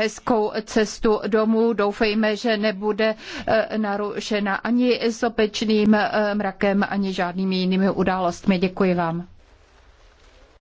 hezkou cestu domů. Doufejme, že nebude eh, narušena ani sopečným eh, mrakem, ani žádnými jinými událostmi. Děkuji vám.